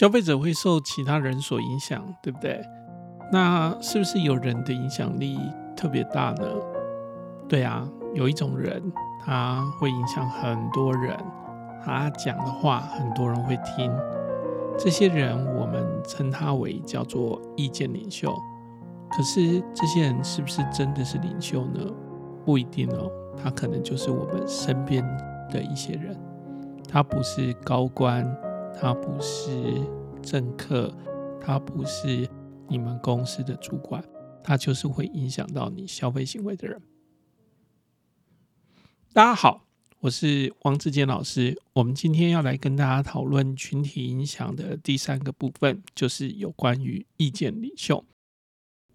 消費者會受其他人所影響，對不對？那是不是有人的影響力特別大呢？對啊，有一種人，他會影響很多人，他講的話很多人會聽。這些人我們稱他為叫做意見領袖。可是這些人是不是真的是領袖呢？不一定哦，他可能就是我們身邊的一些人，他不是高官。他不是政客，他不是你們公司的主管，他就是會影響到你消費行為的人。大家好，我是汪志堅老師。我們今天要來跟大家討論群體影響的第三個部分，就是有關於意見領袖。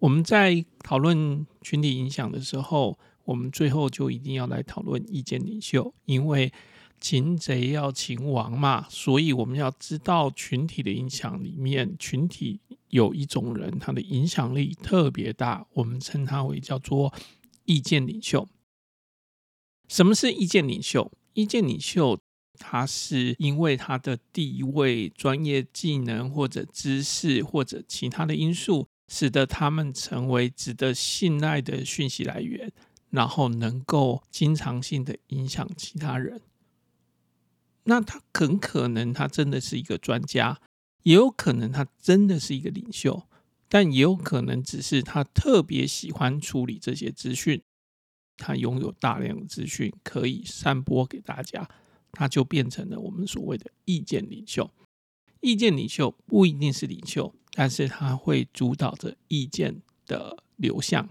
我們在討論群體影響的時候，我們最後就一定要來討論意見領袖，因為。擒賊要擒王嘛，所以我們要知道群體的影響裡面，群體有一種人，他的影響力特別大，我們稱他為叫做意見領袖。什麼是意見領袖？意見領袖，他是因為他的地位、專業技能或者知識或者其他的因素，使得他們成為值得信賴的訊息來源，然後能夠經常性的影響其他人。那他很可能他真的是一個專家，也有可能他真的是一個領袖，但也有可能只是他特別喜歡處理這些資訊，他擁有大量的資訊可以散播給大家，他就變成了我們所謂的意見領袖。意見領袖不一定是領袖，但是他會主導着意見的流向。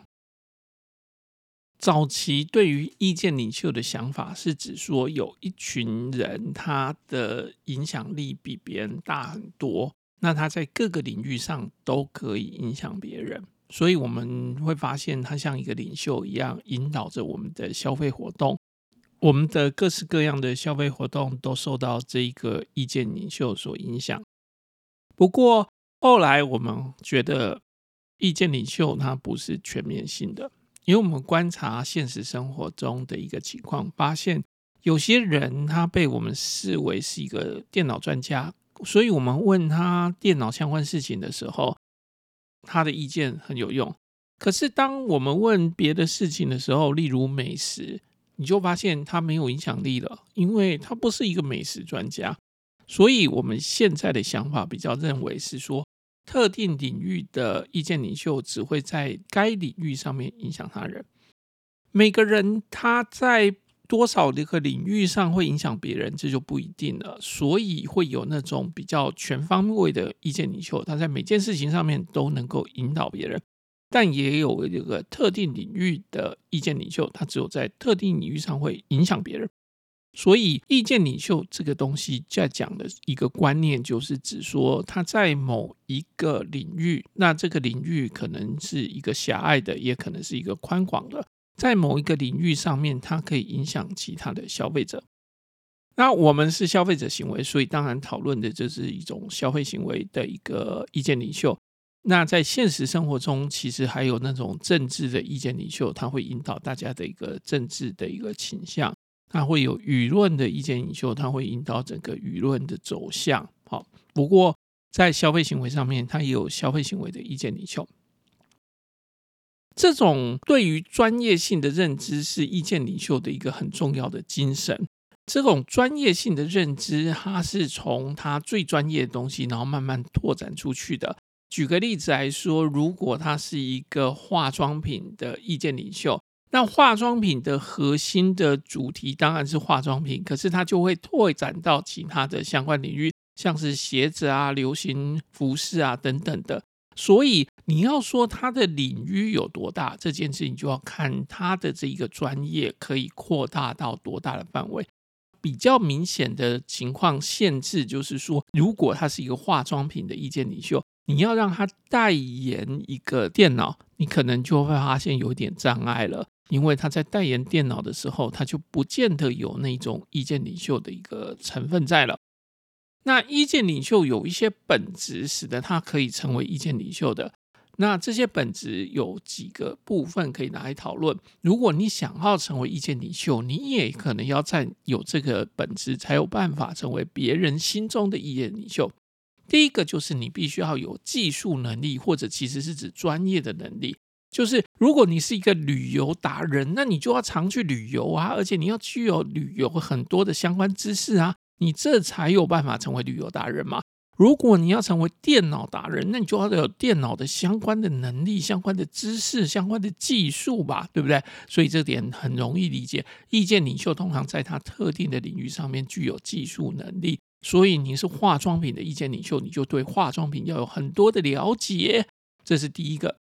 早期對於意見領袖的想法是指說，有一群人，他的影響力比別人大很多，那他在各個領域上都可以影響別人，所以我們會發現他像一個領袖一樣，引導着我們的消費活動，我們的各式各樣的消費活動都受到這一個意見領袖所影響。不過後來我們覺得，意見領袖他不是全面性的。因為我們觀察現實生活中的一個情況，發現有些人他被我們視為是一個電腦專家，所以我們問他電腦相關事情的時候，他的意見很有用。可是當我們問別的事情的時候，例如美食，你就發現他沒有影響力了，因為他不是一個美食專家。所以我們現在的想法比較認為是說，特定領域的意見領袖只會在該領域上面影響他人。每個人他在多少的一個領域上會影響別人，這就不一定了。所以會有那種比較全方位的意見領袖，他在每件事情上面都能夠引導別人。但也有這個特定領域的意見領袖，他只有在特定領域上會影響別人。所以，意見領袖這個東西在講的一個觀念，就是指說他在某一個領域，那這個領域可能是一個狹隘的，也可能是一個寬廣的，在某一個領域上面，它可以影響其他的消費者。那我們是消費者行為，所以當然討論的就是一種消費行為的一個意見領袖。那在現實生活中，其實還有那種政治的意見領袖，他會引導大家的一個政治的一個傾向。他會有輿論的意見領袖，他會引導整個輿論的走向。好，不過在消費行為上面，他也有消費行為的意見領袖。這種對於專業性的認知是意見領袖的一個很重要的精神。這種專業性的認知，它是從他最專業的東西，然後慢慢拓展出去的。舉個例子來說，如果他是一個化妝品的意見領袖。那化妝品的核心的主題當然是化妝品，可是它就會拓展到其他的相關領域，像是鞋子啊、流行服飾啊等等的。所以你要說它的領域有多大，這件事情就要看它的這一個專業可以擴大到多大的範圍。比較明顯的情況限制就是說，如果它是一個化妝品的意見領袖，你要讓他代言一個電腦，你可能就會發現有點障礙了。因為他在代言電腦的時候，他就不見得有那種意見領袖的一個成分在了。那意見領袖有一些本質，使得他可以成為意見領袖的。那這些本質有幾個部分可以拿來討論。如果你想要成為意見領袖，你也可能要佔有這個本質，才有辦法成為別人心中的意見領袖。第一個就是你必須要有技術能力，或者其實是指專業的能力。就是如果你是一個旅遊達人，那你就要常去旅遊啊，而且你要具有旅遊很多的相關知識啊，你這才有辦法成為旅遊達人嘛。如果你要成為電腦達人，那你就要有電腦的相關的能力、相關的知識、相關的技術吧，對不對？所以這點很容易理解。意見領袖，通常在他特定的領域上面具有技術能力，所以你是化妝品的意見領袖，你就對化妝品要有很多的了解，這是第一個。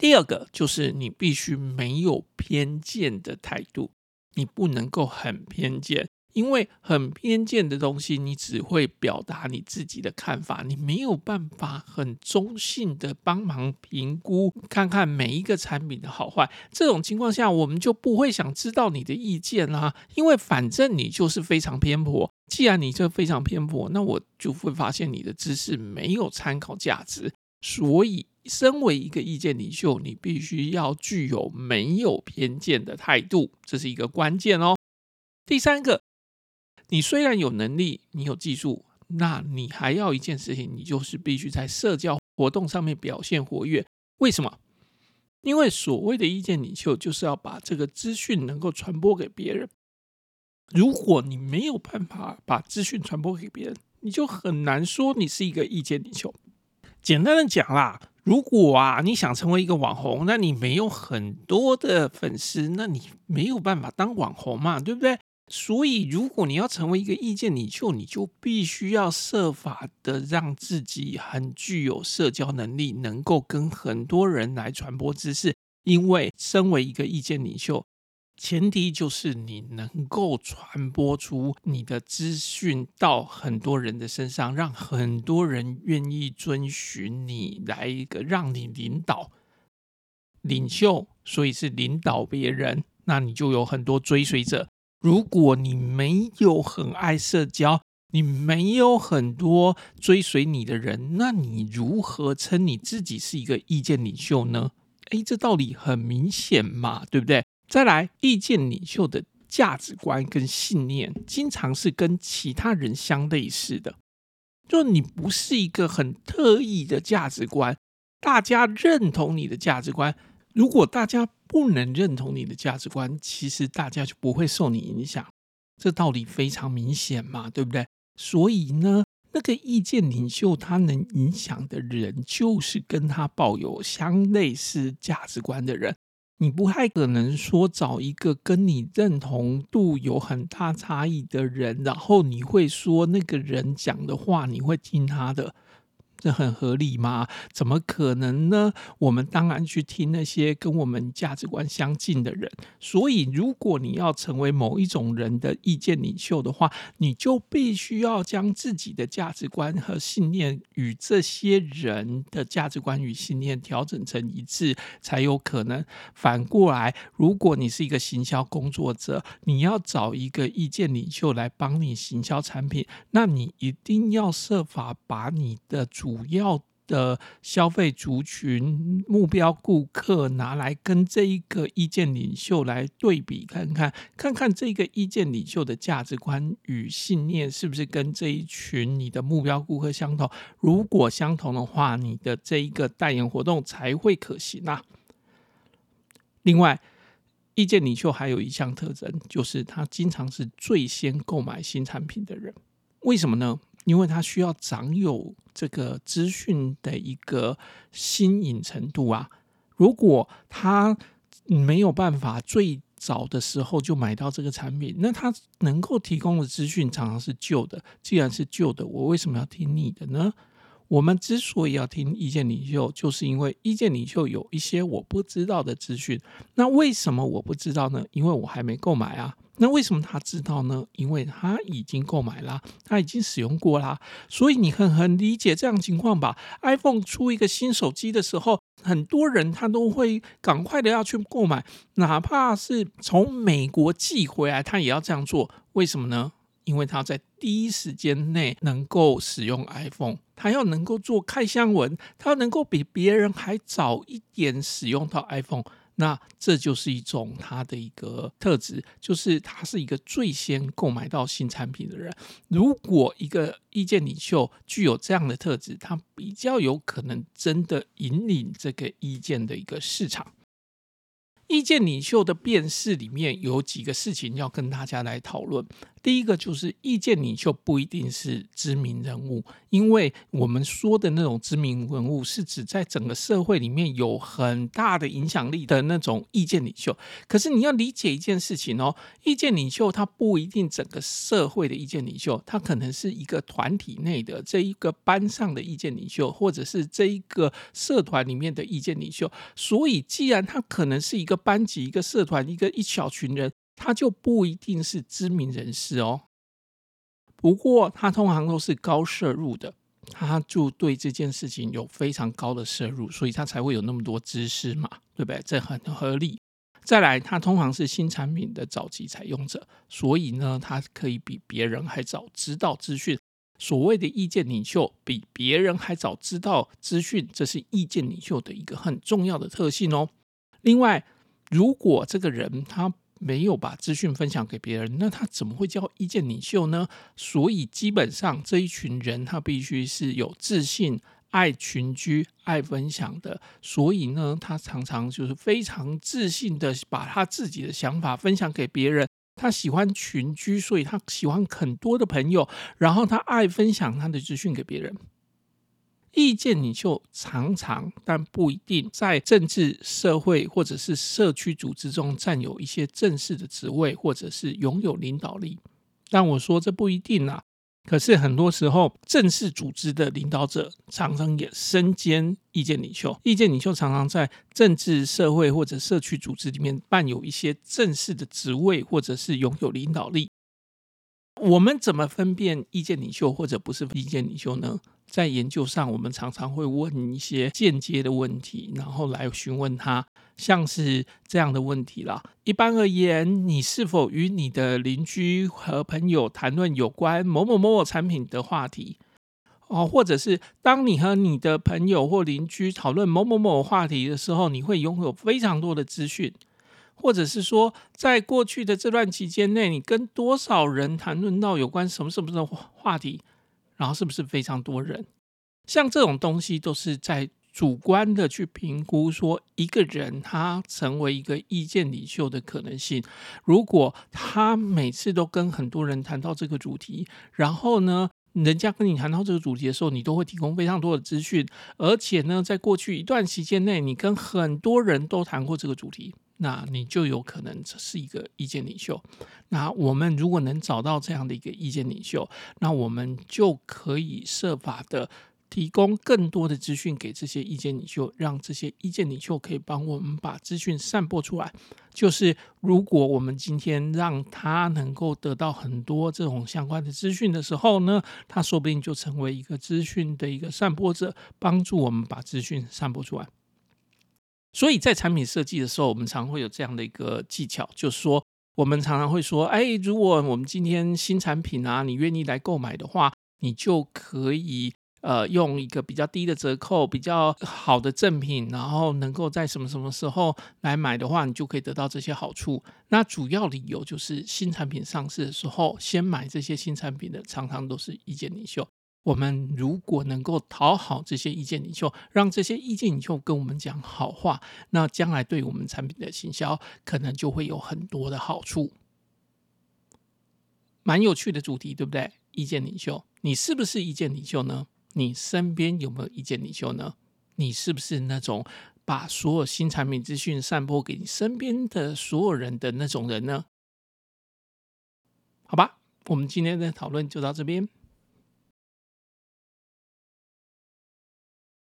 第二個就是你必須沒有偏見的態度，你不能夠很偏見，因為很偏見的東西，你只會表達你自己的看法，你沒有辦法很中性的幫忙評估，看看每一個產品的好壞。這種情況下，我們就不會想知道你的意見啦，因為反正你就是非常偏頗。既然你這非常偏頗，那我就會發現你的知識沒有參考價值，所以。身為一個意見領袖，你必須要具有沒有偏見的態度，這是一個關鍵哦。第三個，你雖然有能力，你有技術，那你還要一件事情，你就是必須在社交活動上面表現活躍。為什麼？因為所謂的意見領袖，就是要把這個資訊能夠傳播給別人。如果你沒有辦法把資訊傳播給別人，你就很難說你是一個意見領袖。簡單的講啦，如果啊你想成為一個網紅，那你沒有很多的粉絲，那你沒有辦法當網紅嘛，對不對？所以如果你要成為一個意見領袖，你就必須要設法的讓自己很具有社交能力，能夠跟很多人來傳播知識，因為身為一個意見領袖，前提就是你能夠傳播出你的資訊到很多人的身上，讓很多人願意遵循你，來一個讓你領導領袖，所以是領導別人，那你就有很多追隨者。如果你沒有很愛社交，你沒有很多追隨你的人，那你如何稱你自己是一個意見領袖呢？哎，這道理很明顯嘛，對不對？再來，意見領袖的價值觀跟信念，經常是跟其他人相類似的。就你不是一個很特異的價值觀，大家認同你的價值觀。如果大家不能認同你的價值觀，其實大家就不會受你影響。這道理非常明顯嘛，對不對？所以呢，那個意見領袖他能影響的人，就是跟他抱有相類似價值觀的人。你不太可能說找一個跟你認同度有很大差異的人，然後你會說那個人講的話，你會聽他的。這很合理嗎？怎麼可能呢？我們當然去聽那些跟我們價值觀相近的人。所以，如果你要成為某一種人的意見領袖的話，你就必須要將自己的價值觀和信念與這些人的價值觀與信念調整成一致，才有可能。反過來，如果你是一個行銷工作者，你要找一個意見領袖來幫你行銷產品，那你一定要設法把你的主主要的消費族群目標顧客，拿來跟這一個意見領袖來對比看看，看看這個意見領袖的價值觀與信念是不是跟這一群你的目標顧客相同。如果相同的話，你的這一個代言活動才會可行啊。另外，意見領袖還有一項特徵，就是他經常是最先購買新產品的人。為什麼呢？因為他需要掌有這個資訊的一個新穎程度啊，如果他沒有辦法最早的時候就買到這個產品，那他能夠提供的資訊常常是舊的。既然是舊的，我為什麼要聽你的呢？我們之所以要聽意見領袖，就是因為意見領袖有一些我不知道的資訊。那為什麼我不知道呢？因為我還沒購買啊。那為什麼他知道呢？因為他已經購買了，他已經使用過了，所以你很很理解這樣的情況吧？iPhone 出一個新手機的時候，很多人他都會趕快的要去購買，哪怕是從美國寄回來，他也要這樣做。為什麼呢？因為他在第一時間內能夠使用 iPhone，他要能夠做開箱文，他要能夠比別人還早一點使用到 iPhone。那這就是一種他的一個特質，就是他是一個最先購買到新產品的人。如果一個意見領袖具有這樣的特質，他比較有可能真的引領這個意見的一個市場。意見領袖的辨識裡面有幾個事情要跟大家來討論。第一個就是意見領袖不一定是知名人物，因為我們說的那種知名人物是指在整個社會裡面有很大的影響力的那種意見領袖。可是你要理解一件事情哦，意見領袖他不一定整個社會的意見領袖，他可能是一個團體內的這一個班上的意見領袖，或者是這一個社團裡面的意見領袖。所以，既然他可能是一個班級、一個社團、一個一小群人。他就不一定是知名人士哦。不過他通常都是高涉入的，他就對這件事情有非常高的涉入，所以他才會有那麼多知識嘛，對不對？這很合理。再來，他通常是新產品的早期採用者，所以呢，他可以比別人還早知道資訊。所謂的意見領袖，比別人還早知道資訊，這是意見領袖的一個很重要的特性哦。另外，如果這個人他，沒有把資訊分享給別人，那他怎麼會叫意見領袖呢？所以基本上這一群人，他必須是有自信、愛群居、愛分享的。所以呢，他常常就是非常自信的把他自己的想法分享給別人。他喜歡群居，所以他喜歡很多的朋友，然後他愛分享他的資訊給別人。意見領袖常常，但不一定在政治、社會或者是社區組織中占有一些正式的職位，或者是擁有領導力。但我說這不一定啊。可是很多時候，正式組織的領導者常常也身兼意見領袖。意見領袖常常在政治、社會或者社區組織裡面扮有一些正式的職位，或者是擁有領導力。我們怎麼分辨意見領袖或者不是意見領袖呢？在研究上，我們常常會問一些間接的問題，然後來詢問他，像是這樣的問題啦。一般而言，你是否與你的鄰居和朋友談論有關某某某某產品的話題？哦，或者是當你和你的朋友或鄰居討論某某某某話題的時候，你會擁有非常多的資訊，或者是說，在過去的這段期間內，你跟多少人談論到有關什麼什麼什麼的話題？然後是不是非常多人？像這種東西都是在主觀的去評估，說一個人他成為一個意見領袖的可能性。如果他每次都跟很多人談到這個主題，然後呢，人家跟你談到這個主題的時候，你都會提供非常多的資訊，而且呢，在過去一段時間內，你跟很多人都談過這個主題。那你就有可能是一個意見領袖。那我們如果能找到這樣的一個意見領袖，那我們就可以設法的提供更多的資訊給這些意見領袖，讓這些意見領袖可以幫我們把資訊散播出來。就是如果我們今天讓他能夠得到很多這種相關的資訊的時候呢，他說不定就成為一個資訊的一個散播者，幫助我們把資訊散播出來。所以在產品設計的時候，我們常會有這樣的一個技巧，就是說，我們常常會說，哎，如果我們今天新產品啊，你願意來購買的話，你就可以呃用一個比較低的折扣，比較好的贈品，然後能夠在什麼什麼時候來買的話，你就可以得到這些好處。那主要理由就是，新產品上市的時候，先買這些新產品的常常都是意見領袖。我們如果能夠討好這些意見領袖，讓這些意見領袖跟我們講好話，那將來對我們產品的行銷可能就會有很多的好處。蠻有趣的主題，對不對？意見領袖，你是不是意見領袖呢？你身邊有沒有意見領袖呢？你是不是那種把所有新產品資訊散播給你身邊的所有人的那種人呢？好吧，我們今天的討論就到這邊。